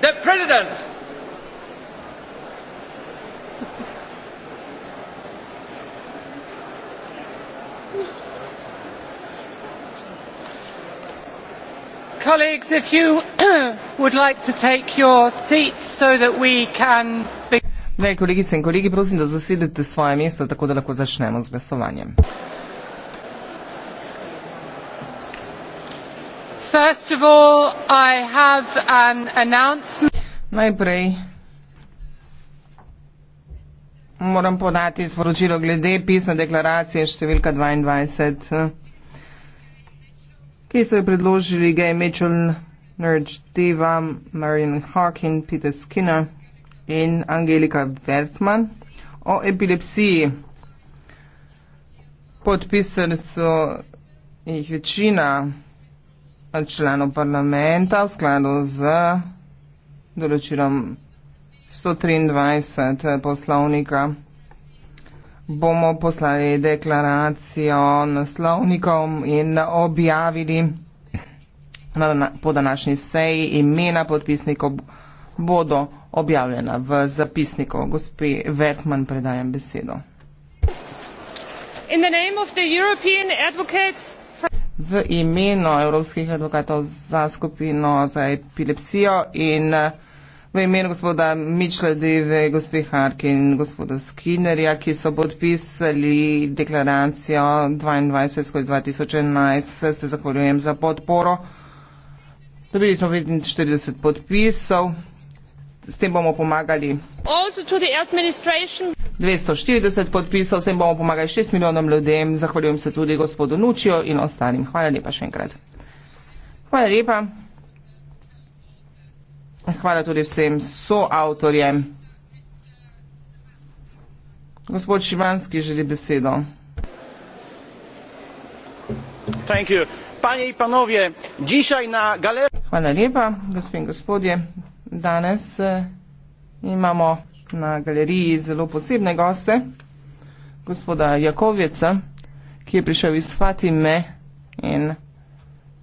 The President! Colleagues, if you would like to take your seats so that we can begin. Kolegice in kolegi, prosim, da zasedete svoje mesta, tako da lahko začnemo z glasovanjem. Najprej moram podati sporočilo glede pisne deklaracije številka 22, ki so jo predložili Gay Mitchell, Nerge Diva, Marion Hawking, Peter Skinner in Angelika Wertmann o epilepsiji. Podpisali so jih večina članov parlamenta v skladu z določilom 123 poslovnika. Bomo poslali deklaracijo naslovnikom in objavili na, na, po današnji seji imena podpisnikov bodo objavljena v zapisniku. Gospi Vertman predajam besedo. In the name of the European advocates v imenu evropskih advokatov za skupino za epilepsijo in v imenu gospoda Mičledeve, gospe Harki in gospoda Skinnerja, ki so podpisali deklaracijo 22.2011, se zahvaljujem za podporo. Dobili smo 45 podpisov. S tem bomo pomagali. 240 podpisov, vsem bomo pomagali 6 milijonom ljudem, zahvaljujem se tudi gospodu Nučijo in ostalim. Hvala lepa še enkrat. Hvala lepa. Hvala tudi vsem soavtorjem. Gospod Šimanski želi besedo. Thank you. Panje in panovje, dišaj na galeriji. Hvala lepa, gospod in gospodje. Danes eh, imamo na galeriji zelo posebne goste, gospoda Jakovica, ki je prišel iz Fatime in